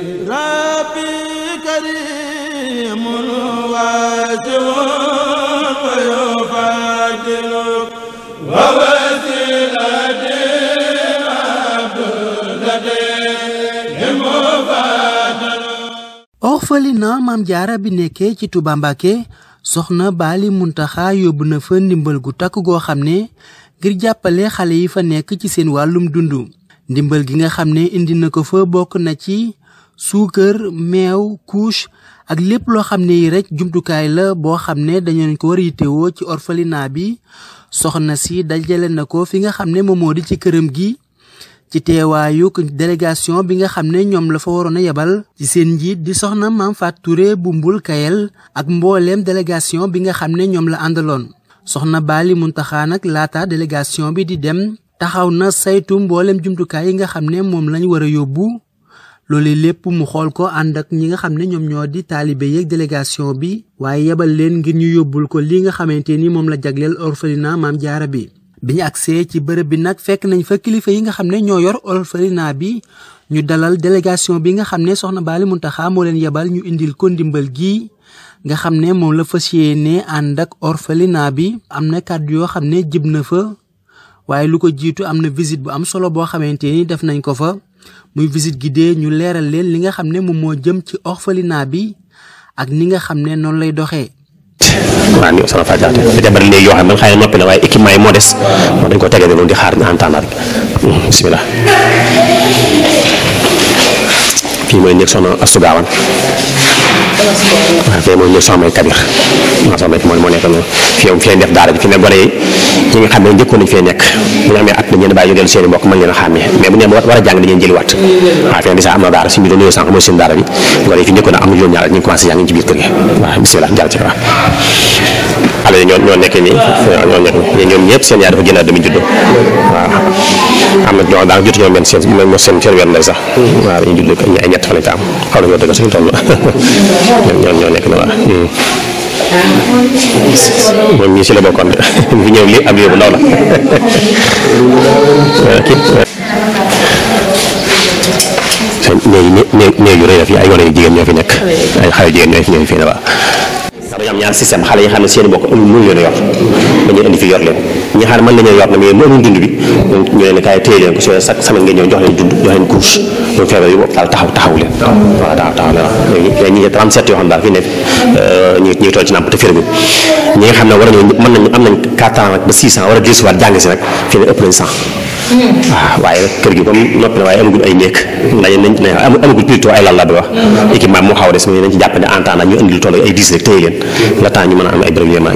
rabbi karimun waasiun Maam Jaara bi nekkee ci Tuuba soxna Baali Muntaxa yóbbu na fa ndimbal gu takk goo xam ne ngir jàppale xale yi fa nekk ci seen wàllum dund ndimbal gi nga xam ne indi na ko fa bokk na ci suukar meew couche ak lépp loo xam ne yi rek jumtukaay la boo xam ne dañu ko war a yittewoo ci orphelinat bi soxna si dajale na ko fi nga xam ne moom moo di ci këram gi ci teewaayu délégation bi nga xam ne ñoom la fa waroon a yebal ci seen njiit di soxna Mame Fatou bu Mbul Kayel ak mbooleem délégation bi nga xam ne ñoom la àndaloon soxna Baali Muntaxa nag laata délégation bi di dem taxaw na saytu mbooleem jumtukaay yi nga xam ne moom lañ war a yóbbu loolee lépp mu xool ko ànd ak ñi nga xam ne ñoom ñoo di taalibe yeeg délégation bi waaye yebal leen ngir ñu yóbbul ko li nga xamante ni moom la jagleel orphelinat Maam Jaara bi bi ñu agsee ci bërëb bi nag fekk nañ fa kilifa yi nga xam ne ñoo yor orphelinat bi ñu dalal délégation bi nga xam ne soxna Baali Muntaxa xaamoo leen yebal ñu indil ko ndimbal gi nga xam ne moom la fas yéene ànd ak orphelinat bi am na kàddu yoo xam ne jib na fa waaye lu ko jiitu am na visite bu am solo boo xamante ni def nañ ko fa muy visit gi de ñu leeral leen li nga xam ne moom moo jëm ci orphelinat bi ak ni nga xam ne noonu lay doxee. maanaam yow soxna Fatou Diakhaté dafa yoo xam ne xëy na noppi na waaye équipement yi moo des. waaw dañ ko tegee noonu di xaar ñu en attendant rek kii mooy néeg soxna Astu Gaawaan waaw fee mooy néeg soxna may Kabir maa soxna moo moo nekk noonu fii fi ne gone yi ñi nga xam ne nekk bu ñu amee at dañu leen bàyyi ñu dellu seen i mbokk mën leen a xàmmee mais bu ñu war a jàng dañu leen jëliwaat waaw fee bi sax am na daara suñu doon nuyoo sànq mooy seen daara bi gone yi fi nekkoon am na juróom-ñaar ñu ngi commencé jàng ci biir kër gi waaw bisimilah jàll ci kaw xale yi ñoo nekk nii ñoo nekk nii ñoom ñëpp seen yaay dafa génnaat demi juddu waaw am na ñoo daanaka jotu ñoom benn seen seen seen lay sax waaw ñu juddu am xaw na ñoo dëgg ñoo nekk na waaw moom ñii si la bokkoon de fi ñëw lii ab yóbbu ndaw la néeg néeg néeg yu rëy la fii ay gone jigéen ñoo fi nekk ay xale jigéen ñoo fi nekk fii ne am ñaar système xale yi xam ne seen bokk amul mënu leen a yor dañuy indi fi yor leen ñi xam ne mën nañoo yor na mais mu amul dund bi ñu leen kaay téye leen ko soo chaque semaine ngeen ñëw jox leen dund jox leen couche ñu feebar yu bopp daal taxaw ah. taxaw leen waaw taxaw taxaw leen waaw am nañ 4 ans nag a dellusiwaat jàng si nag fii ne ëpp nañ 100 waaw waaye kër gi comme na waaye amagul ay néeg la wax hmm. équipement xaw a des mais nañ ci jàpp ne en temps a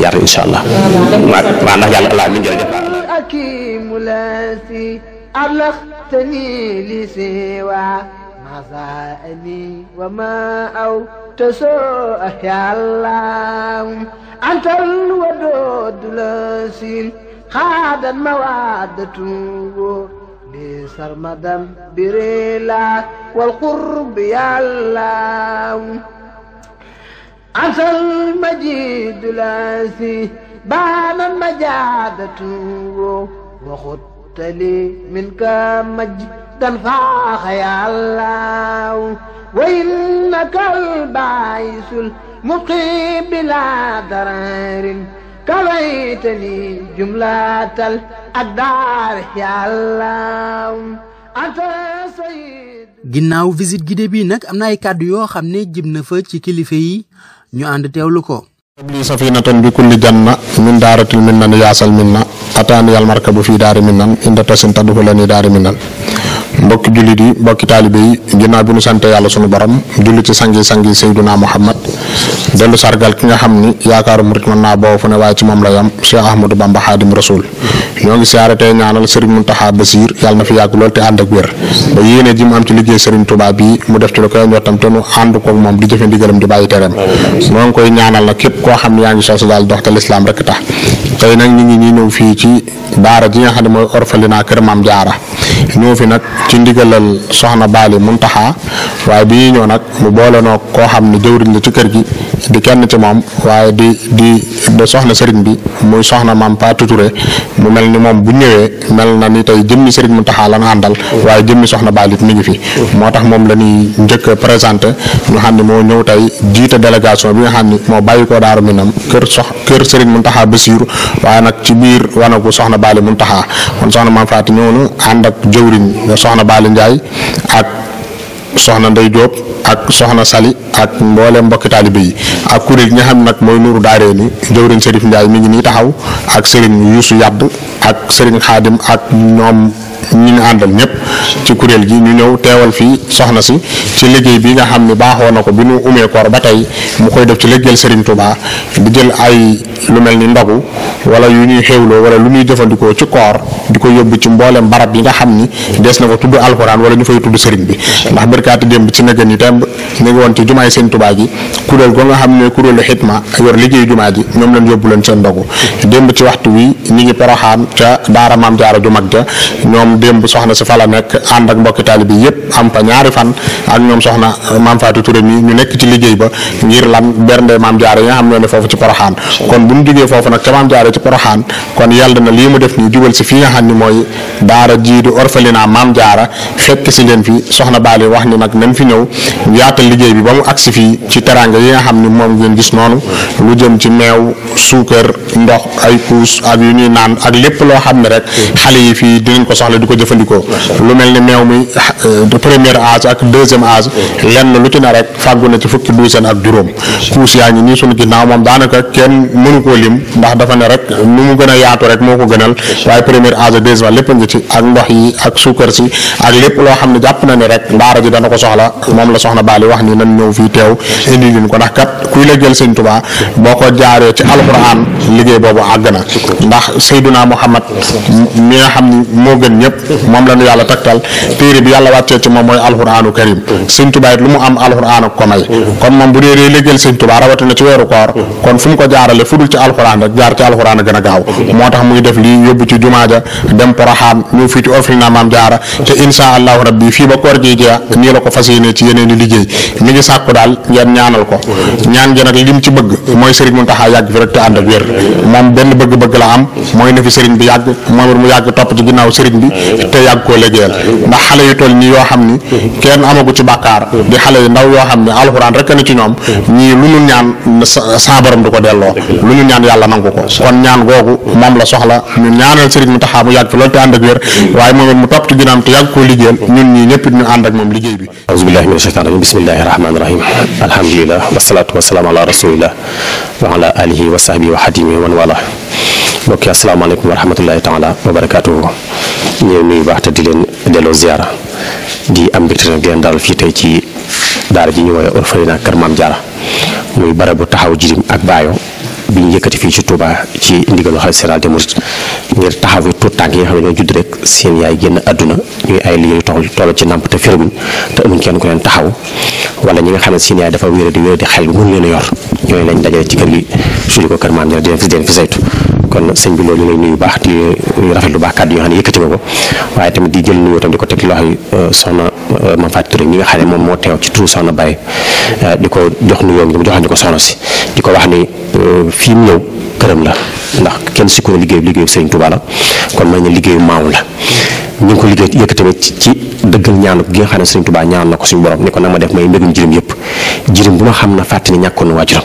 a hmm. ndax yàlla allah mi ngi وهبتني لسوى ما زاني وما أو تسوء يا الله أنت الودود لسين خاد الموادة لسرمدا بريلا والقرب يا الله أنت المجيد لسي بان المجادة وخد تلي منك مجدا فاخ ginnaaw visite guidée bi nag am na ay kàddu yoo xam ne jib na fa ci kilifa yi ñu ànd teewlu ko. lii safinatan bi kulli janna min daaratil minna ni yaasal minna ataani yal markabu fii daari minan inda tasin tadxulani daari nan mbokki jullit yi mbokki taalibe yi ginnaaw bi nu sante yàlla sunu borom julli ci sangi sangi Seyduna Muhammad dellu sargal ki nga xam ni yaakaaru murit mën naa boobu fu ne waaye ci moom la yam Cheikh Ahmadou Bamba Xaadim Rasul ñoo ngi siyaare tey ñaanal Serigne Mountakha Bassir yàlla na fi yàgg lool te ànd ak wér ba yéene ji mu am ci liggéey Serigne Touba bi mu def ci lu koy njottam te nu ànd koog moom di jëfe ndigalam di bàyyi tereem noo ngi koy koo xam ne yaa ngi sos daal dox daara ji nga xam ne mooy orphelinat kër maam jaara ñëw fi nag ci ndigalal soxna Baali Muntaxa waaye bi ñuy ñëw nag mu boole noo koo xam ne jëwriñ la ci kër gi di kenn ci moom waaye di di soxna sëriñ bi muy soxna maam Patu Touré mu mel ni moom bu ñëwee mel na ni tey jëmmi sëriñ mu Mountakha la ñu àndal waaye jëmmi soxna Balit mi ngi fi moo tax moom la njëkk présenté ñu xam ne moo ñëw tey jiite délégation bi nga xam ne moo bàyyi ko Daaru Minam kër sox kër Serigne Mountakha Bassirou waaye nag ci biir wanagu soxna Baali Mountakha kon soxna Mame Fatou ñëw na ànd ak jëwriñ soxna Baali njaay ak soxna Ndey Diop ak soxna Sali ak mboole mbokki taalibe yi ak kuréel gi nga xam ne nag mooy nuuru daaree ni jëwriñ Serif Ndiaye mi ngi nii taxaw ak Serigne Youssou Yadd ak Serigne Khadim ak ñoom ñi ñu àndal ñëpp ci kuréel gi ñu ñëw teewal fii soxna si ci liggéey bi nga xam ne baaxoo na ko bi ñu umee koor ba tey mu koy def ci liggéeyal Serigne Touba di jël ay lu mel ni ndogu walla yu ñuy xewloo wala lu ñuy jëfandikoo ci koor koy yóbbu ci mboolem barab yi nga xam ni des na ko tudd alxuraan wala ñu fay tudd sëriñ bi ndax barkaati démb ci nëgën yi temb ñu ngi woon ci jumaay seen tubaa ji kuréel ko nga xam ne kuréelu xitma yor liggéey soxna si fa nekk ànd ak mbokki taalibe yépp am fa ñaari fan ak ñoom soxna maam Fatou Touré mi ñu nekk ci liggéey ba ngir lan bernde maam jaara yi nga xam ñoo ne foofu ci poroxaan kon bu ñu jógee foofu nag ca maam jaara ci poroxaan kon yàlla na lii mooy daara jiidu orphelinat Maam Jaara fekk si leen fi soxna Bali wax ni nag nañ fi ñëw yaatal liggéey bi ba mu agsi fii ci teraanga yi nga xam ni moom ngeen gis noonu lu jëm ci meew suukar ndox ay kuus ak yu ñuy naan ak lépp loo xam ne rek xale yi fii dinañ ko soxla di ko jëfandikoo lu mel ni meew mi euh, de première âge ak deuxième âge lenn lu ci ne rek fàggu na ci fukki douzaine ak juróom kuus yaa ngi nii sunu ginnaaw moom daanaka kenn mënu koo lim ndax dafa a dèjà lépp ngi ci ak ndox yi ak suukar si ak lépp loo xam ne jàpp na ni rek ndaara ji dana ko soxla moom la soxna Baali wax ni nan ñëw fii teew indi leen ko ndax kat kuy la jël sëñ Tuubaa boo ko jaaree ci alxuraan liggéey boobu àgg na ndax Seydunaa Muhammad mi nga xam ni moo gën ñëpp la ñu yàlla taktal bi yàlla wàccee ci moom mooy alxuraanu karim sëñ Tuubaa it lu mu am alxuraan ak ko may kon moom bu dee liggéeyal sëñ Tuubaa rawatina ci weeru koor kon fu ko jaarale fu dul ci alxuraan rek jaar ci alxuraan a gën a gaaw moo tax muy def lii yóbbu ci jumaa dem Porokhane ñëw fii ci ofil jaara te insha allahu rabbi fii ba koor gi jeex nii la ko fas yéene ci yeneen i liggéey mi ngi sàkku daal ngeen ñaanal ko ñaan ngeen ak lim ci bëgg mooy sëriñ Muntaxa yàgg fi rek te ànd ak wér moom benn bëgg-bëgg la am mooy na fi sëriñ bi yàgg moom mu yàgg topp ci ginnaaw sëriñ bi te yàgg koo liggéeyal ndax xale yu toll ñi yoo xam ni kenn amagu ci bàkkaar di xale yu ndaw yoo xam ne alxuraan rek na ci ñoom ñii lu ñu ñaan sa borom di ko delloo lu ñu ñaan yàlla nangu ko kon yàgg fi loolu te ànd ak wér mm-hmm. waaye moom it mu topp ci ginnaam te yàgg koo liggéeyal mm-hmm. ñun ñii ñëpp ñu ànd ak moom liggéey bi aousubillahi mina sheytan rajim bismillahi rahmani rahim alhamdulilah wasalaatu wasalaam ala rasulillah wa ala alihi wa sahbihi wa xadimi man wala mbokk yi asalaamaaleykum wa rahmatullahi taala wa barakatuhu ñëw nuyu baax te di leen delloo ziara di am mbégte nag di leen tey ci daara ji ñu woowee orphelinat Kër Maam Jaara muy barabu taxaw jirim ak baayo bi ñu yëkkati fii ci Touba ci ndigalu xalifa général des mourides ngir taxawu tuut tànk yi nga xam ne ñoo judd rek seen yaay génn àdduna ñuy ay liggéey toxul toll ci nàmp te firaguñ te amuñ kenn ku leen taxaw wala ñi nga xam ne seen yaay dafa wéer di wéer di xel bi mënu leen a yor ñooñu lañ dajale ci kër gi suñu ko kër maam ñëw dinañ fi dinañ baax di lu baax kàddu yoo xam ne yëkkati nga ko waaye ko teg loxo yi euh, soxna euh, Mame Fatou Touré moom moo teew ci turu soxna Baye euh, di ko jox nuyoo ngi mu joxal ñu ko soxna si di ko wax ni fii mu ñëw këram la ndax kenn si ko liggéey liggéeyu Sëriñ Tuubaa la kon mën na liggéeyu maam la ñu ngi ko liggéey yëkk tamit ci dëggal ñaanu gi nga xam ne Sëriñ Tuubaa ñaan na ko suñu borom ni ko na ma def may mbégum jirim yëpp jirim bu ma xam na fàttali ñàkkoon waajuram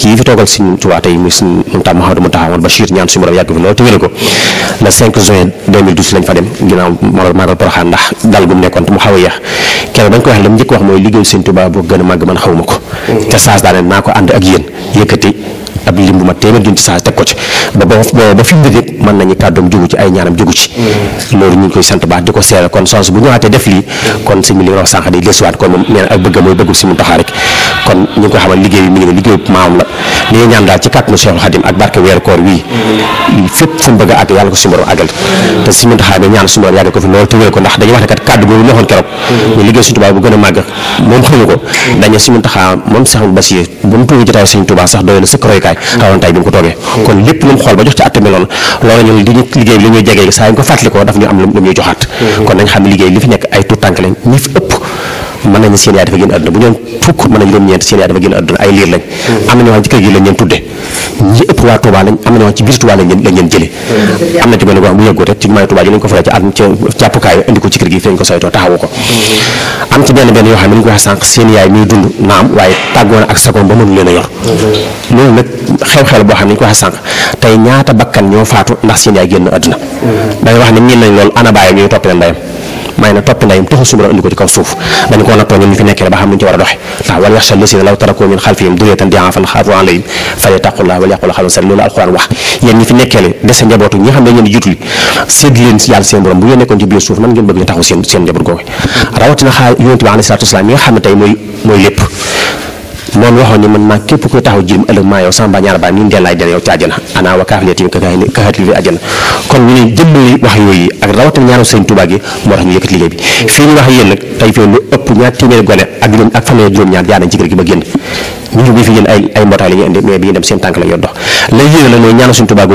kii fi toogal Sëriñ Tuubaa tey muy Sëriñ Mountakha Mouhamadou Mountakha Mouhamadou Bachir ñaan suñu borom yàgg fi loolu te ko le 5 juin lañ fa dem ginnaaw magal magal Poroxaan ndax dal gum nekkoon te mu xaw a yéex kenn dañ ko wax li mu njëkk wax mooy liggéey Sëriñ Tuubaa boo gën a màgg man xaw ko te saas daane naa ko ànd ak yéen yëkkati ab lim bu ma téeméer junni ci saas teg ko ci ba ba ba fi mu man nañu kàddoom jugu ci ay ñaanam jugu ci mm. loolu ñu koy sant baax di ko seeral kon chance bu ñëwaatee def lii mm. kon sëñ bi si mu taxaa rek mi ngi ne liggéey maam la li nga ñaan daal ci si mm. mu ba ñaan suñu borom yàggal ko fi si mu taxaa moom Cheikh Bassirou sax doy na sëkk roykaay rawantaay bi mu ko toogee kon lépp lu xool ba jox ci atta meloon loolu ñun li ñu liggéey bi li ñuy jege saa yu ñu ko fàttalikoo daf ñu am lu ñu joxaat mm-hmm. kon nañ xam liggéey li fi nekk ay tuut tànk lañ ëpp mën nañu seen yaay dafa génn àdduna bu ñoom fukk mën nañu juróom-ñeent seen yaay dafa génn àdduna ay liir lañ hmm. am na ñoo xam ci kër gi lañ leen tudde ñi ëpp waa Touba lañ am na ñoo xam ci biir Touba lañ lañ leen jële hmm. am na ci benn gox bu yëgoo rek hmm. ne ko wax sànq seen yaay muy dund naam waaye tàggoon ak sagoom ba mënu leen yor loolu nag xew-xew boo xam ne ñu ko wax sànq tey ñaata bakkan ñoo faatu ndax seen yaay génn àdduna dañuy wax ne miin loolu ana baayam topp leen ndeyam may na topp ndeyam taxul suñu borom indi ko ci kaw suuf dañ koo nattoo ñoom ñu fi nekkee ba xam lu ñu ci war a doxe ndax wal yaxsha loolu alxuraan wax yéen ñi fi nekkee le dese njabootu ñi xam ne ñeen di jiitu li leen yàlla seen borom bu ngeen nekkoon ci biir suuf nan ngeen bëgg ñu taxaw seen njaboot googu rawatina xaa yonent bi alayhi salaatu wasalaam yi nga xam ne tey mooy mooy lépp loolu waxoon ne man maa képp kuy taxaw jirim ëllëg maa yow samba ñaar baa ni ñu dellaay dana yow ci àjjana ana wa kaafile tim kaxatli fi àjjana ne jëmmali wax yooyu ak rawatina ñaaru sëñ Tuubaa gi moo tax ñu fii ñu wax yéen tey fii lu ëpp ñaar téeméeri gone ak juróom ak juróom-ñaar jaar nañ ci kër gi ba génn ñu ngi fi yéen ay ay mbootaay la ñuy indi mais bi ñu dem seen tànk la dox lay la mooy ñaanu sëñ Tuubaa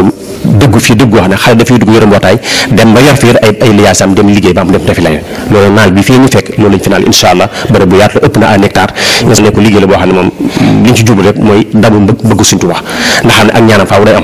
dëgg fii dëggu wax ne xale dafay dugg yore mbootaay dem ba yor fi ay ay liyaasam dem liggéey ba am dem defi leneen loolu naal bi fii ñu fekk loolu lañ fi naal incha allah bërëb bu yaatu la ëpp na un hectare ñes nekk liggéey la boo xam ne moom liñ ci jublu rek mooy damu bëgg suñu Tuubaa ndax xam ne ak ñaanam faaw day am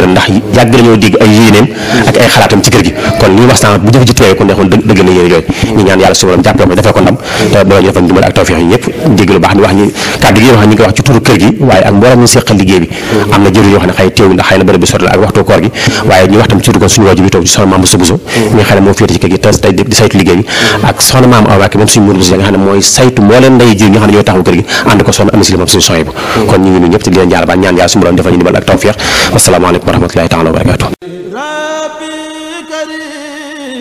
gërëm ndax yàgg nañoo dégg ay yéeneem ak ay xalaatam ci kër gi kon ñu wax saytu moo leen nday jëriñ ñoo xam ne ñooy taxawu kër gi ànd ko soxna am moom suñu soxna bu kon ñu ngi nuyu ñëpp leen jaar ba ñaan yàlla suñu borom defal ñu ndimbal ak tawfeex wasalaamaaleykum wa rahmatullahi taala wa barakaatu rabbi karim